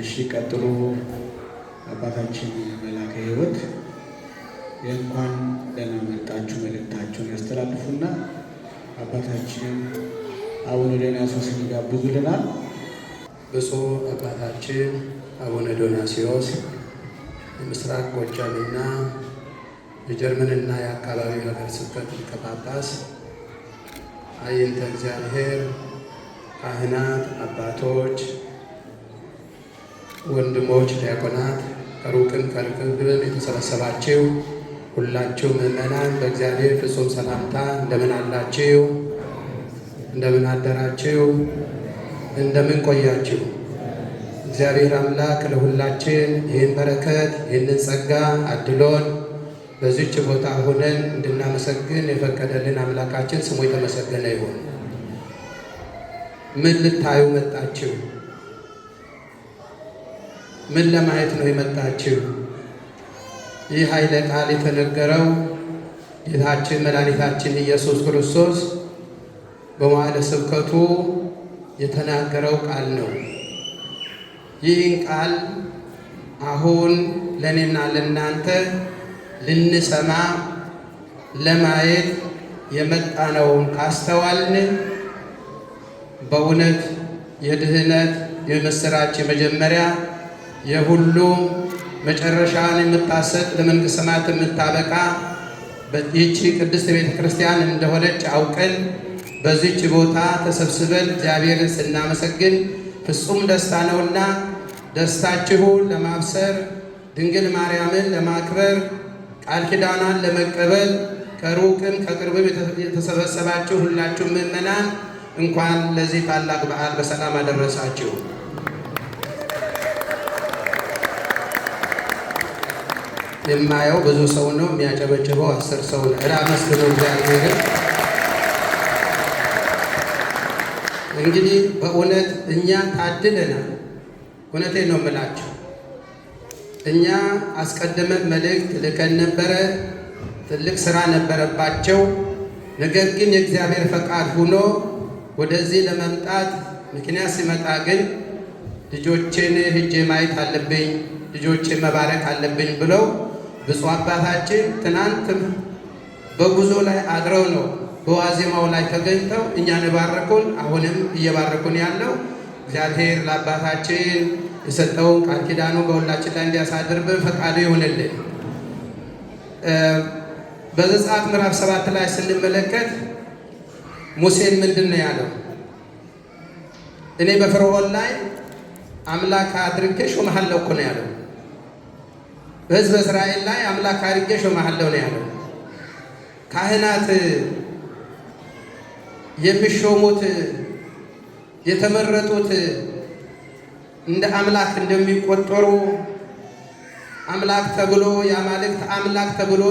እሺ፣ ቀጥሎ አባታችን መላከ ሕይወት የእንኳን ደህና መጣችሁ መልእክታቸውን ያስተላልፉና አባታችን አቡነ ዶናሲዎስ ይጋብዙልናል። ብፁዕ አባታችን አቡነ ዶናሲዎስ የምስራቅ ጎጃምና የጀርመንና የአካባቢው ሀገረ ስብከት ሊቀ ጳጳስ፣ አይንተ እግዚአብሔር ካህናት፣ አባቶች ወንድሞች ዲያቆናት፣ ከሩቅም ከርቅብም የተሰበሰባችሁ ሁላችሁ ምዕመናን በእግዚአብሔር ፍጹም ሰላምታ እንደምን አላችሁ? እንደምን አደራችሁ? እንደምን ቆያችሁ? እግዚአብሔር አምላክ ለሁላችን ይህን በረከት ይህንን ጸጋ አድሎን በዚች ቦታ ሆነን እንድናመሰግን የፈቀደልን አምላካችን ስሙ የተመሰገነ ይሁን። ምን ልታዩ መጣችሁ? ምን ለማየት ነው የመጣችው? ይህ ኃይለ ቃል የተነገረው ጌታችን መድኃኒታችን ኢየሱስ ክርስቶስ በመዋዕለ ስብከቱ የተናገረው ቃል ነው። ይህን ቃል አሁን ለእኔና ለእናንተ ልንሰማ ለማየት የመጣነውን ካስተዋልን በእውነት የድህነት የምሥራች የመጀመሪያ የሁሉ መጨረሻን የምታሰጥ ለመንግሥተ ሰማያት የምታበቃ ይቺ ቅድስት ቤተ ክርስቲያን እንደሆነች አውቀን በዚች ቦታ ተሰብስበን እግዚአብሔርን ስናመሰግን ፍጹም ደስታ ነውና ደስታችሁ ለማብሰር ድንግል ማርያምን ለማክበር ቃል ኪዳኗን ለመቀበል ከሩቅም ከቅርብም የተሰበሰባችሁ ሁላችሁ ምዕመናን እንኳን ለዚህ ታላቅ በዓል በሰላም አደረሳችሁ። የማየው ብዙ ሰው ነው የሚያጨበጭበው፣ አስር ሰው ነው። እራ መስግኑ እግዚአብሔር። እንግዲህ በእውነት እኛ ታድለናል። እውነቴ ነው የምላቸው። እኛ አስቀድመን መልእክት ልከን ነበረ። ትልቅ ስራ ነበረባቸው። ነገር ግን የእግዚአብሔር ፈቃድ ሆኖ ወደዚህ ለመምጣት ምክንያት ሲመጣ ግን ልጆቼን ሂጄ ማየት አለብኝ ልጆቼን መባረክ አለብኝ ብለው ብፁዕ አባታችን ትናንት በጉዞ ላይ አድረው ነው በዋዜማው ላይ ተገኝተው እኛን የባረኩን፣ አሁንም እየባረኩን ያለው እግዚአብሔር ለአባታችን የሰጠውን ቃል ኪዳኑ በሁላችን ላይ እንዲያሳድርብን ፈቃዱ ይሆንልን። በዘጸአት ምዕራፍ ሰባት ላይ ስንመለከት ሙሴን ምንድን ነው ያለው? እኔ በፈርዖን ላይ አምላክ አድርጌ ሾመሃለሁ እኮ ነው ያለው። በሕዝበ እስራኤል ላይ አምላክ አድርጌ ሾመሃለሁ ነው ያለው። ካህናት የሚሾሙት የተመረጡት እንደ አምላክ እንደሚቆጠሩ አምላክ ተብሎ የአማልክት አምላክ ተብሎ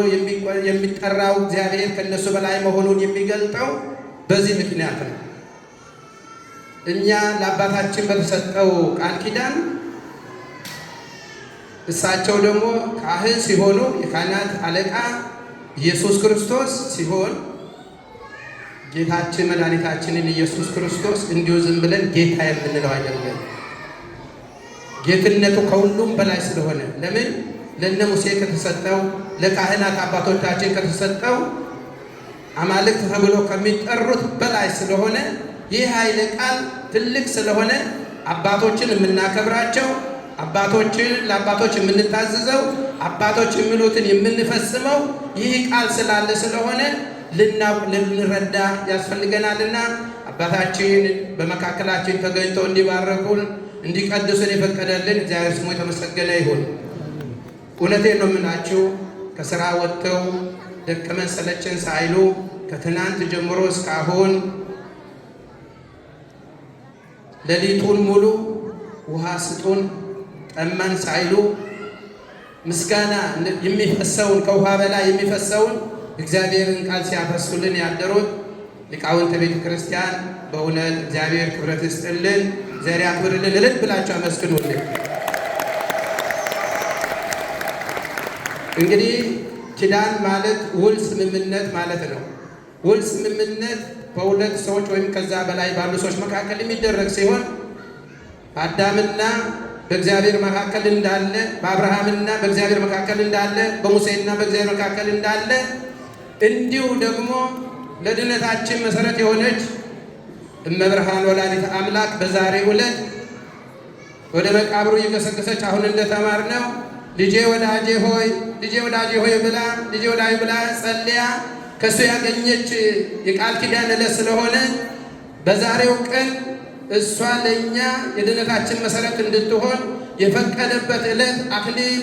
የሚጠራው እግዚአብሔር ከነሱ በላይ መሆኑን የሚገልጠው በዚህ ምክንያት ነው። እኛ ለአባታችን በተሰጠው ቃል ኪዳን እሳቸው ደግሞ ካህን ሲሆኑ የካህናት አለቃ ኢየሱስ ክርስቶስ ሲሆን ጌታችን መድኃኒታችንን ኢየሱስ ክርስቶስ እንዲሁ ዝም ብለን ጌታ የምንለው አይደለም። ጌትነቱ ከሁሉም በላይ ስለሆነ ለምን ለነ ሙሴ ከተሰጠው ለካህናት አባቶቻችን ከተሰጠው አማልክት ተብሎ ከሚጠሩት በላይ ስለሆነ ይህ ኃይለ ቃል ትልቅ ስለሆነ አባቶችን የምናከብራቸው አባቶችን ለአባቶች የምንታዘዘው አባቶች የሚሉትን የምንፈጽመው ይህ ቃል ስላለ ስለሆነ ልንረዳ ያስፈልገናልና አባታችን በመካከላችን ተገኝተው እንዲባረኩን እንዲቀድሱን የፈቀደልን እግዚአብሔር ስሙ የተመሰገነ ይሁን። እውነቴን ነው የምላችሁ ከስራ ወጥተው ደከመን ሰለቸን ሳይሉ ከትናንት ጀምሮ እስካሁን ሌሊቱን ሙሉ ውሃ ስጡን ጠማን ሳይሉ ምስጋና የሚፈሰውን ከውሃ በላይ የሚፈሰውን እግዚአብሔርን ቃል ሲያፈሱልን ያደሩት ሊቃውንተ ቤተ ክርስቲያን በእውነት እግዚአብሔር ክብረት ይስጥልን፣ ዘር ያክብርልን። እልል ብላችሁ አመስግኑልን። እንግዲህ ኪዳን ማለት ውል ስምምነት ማለት ነው። ውል ስምምነት በሁለት ሰዎች ወይም ከዛ በላይ ባሉ ሰዎች መካከል የሚደረግ ሲሆን አዳምና በእግዚአብሔር መካከል እንዳለ በአብርሃምና በእግዚአብሔር መካከል እንዳለ በሙሴና በእግዚአብሔር መካከል እንዳለ እንዲሁ ደግሞ ለድነታችን መሰረት የሆነች እመብርሃን ወላዲተ አምላክ በዛሬ ዕለት ወደ መቃብሩ እየገሰገሰች አሁን ነው ልጄ ወዳጄ ሆይ ልጄ ወዳጄ ሆይ ብላ ልጄ ወዳጄ ብላ ጸልያ ከእሱ ያገኘች የቃል ኪዳን ዕለት ስለሆነ በዛሬው ቀን እሷ ለእኛ የድነታችን መሰረት እንድትሆን የፈቀደበት ዕለት አክሊል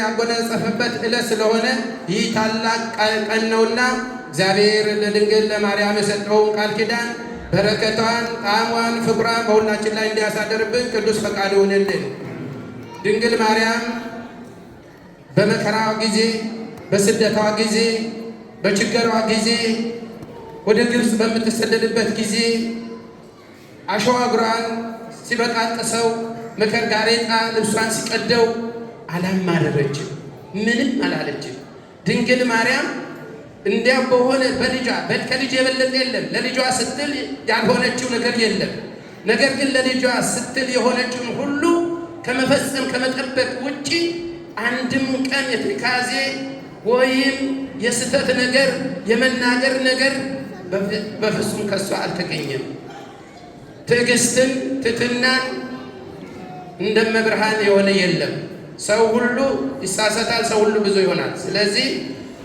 ያጎናጸፈበት ዕለት ስለሆነ ይህ ታላቅ ቀን ነውና እግዚአብሔር ለድንግል ለማርያም የሰጠውን ቃል ኪዳን በረከቷን፣ ጣዕሟን፣ ፍቅሯን በሁላችን ላይ እንዲያሳደርብን ቅዱስ ፈቃድ ይሁንልን። ድንግል ማርያም በመከራዋ ጊዜ፣ በስደቷ ጊዜ፣ በችገሯ ጊዜ፣ ወደ ግብፅ በምትሰደድበት ጊዜ አሸዋ እግሯን ሲበጣጥሰው መከር ጋሬጣ ልብሷን ሲቀደው አላማረረችም፣ ምንም አላለችም። ድንግል ማርያም እንዲያ በሆነ በልጇ ከልጅ የበለጠ የለም። ለልጇ ስትል ያልሆነችው ነገር የለም። ነገር ግን ለልጇ ስትል የሆነችውን ሁሉ ከመፈጸም ከመጠበቅ ውጪ አንድም ቀን የትካዜ ወይም የስህተት ነገር የመናገር ነገር በፍጹም ከሷ አልተገኘም። ትዕግስትን፣ ትሕትናን እንደመብርሃን የሆነ የለም። ሰው ሁሉ ይሳሰታል፣ ሰው ሁሉ ብዙ ይሆናል። ስለዚህ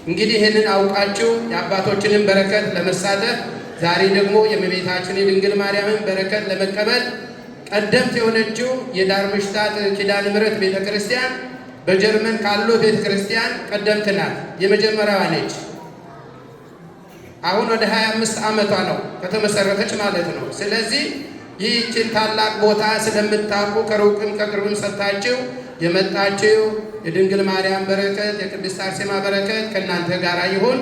እንግዲህ ይህንን አውቃችሁ የአባቶችንን በረከት ለመሳተፍ ዛሬ ደግሞ የእመቤታችን የድንግል ማርያምን በረከት ለመቀበል ቀደምት የሆነችው የዳርምሽታት ኪዳነ ምሕረት ቤተ ክርስቲያን በጀርመን ካሉት ቤተ ክርስቲያን ቀደምት ናት፣ የመጀመሪያዋ ነች። አሁን ወደ 25 ዓመቷ ነው ከተመሰረተች ማለት ነው። ስለዚህ ይህችን ታላቅ ቦታ ስለምታውቁ ከሩቅም ከቅርብም ሰጥታችሁ የመጣችው የድንግል ማርያም በረከት የቅድስት አርሴማ በረከት ከእናንተ ጋር ይሁን።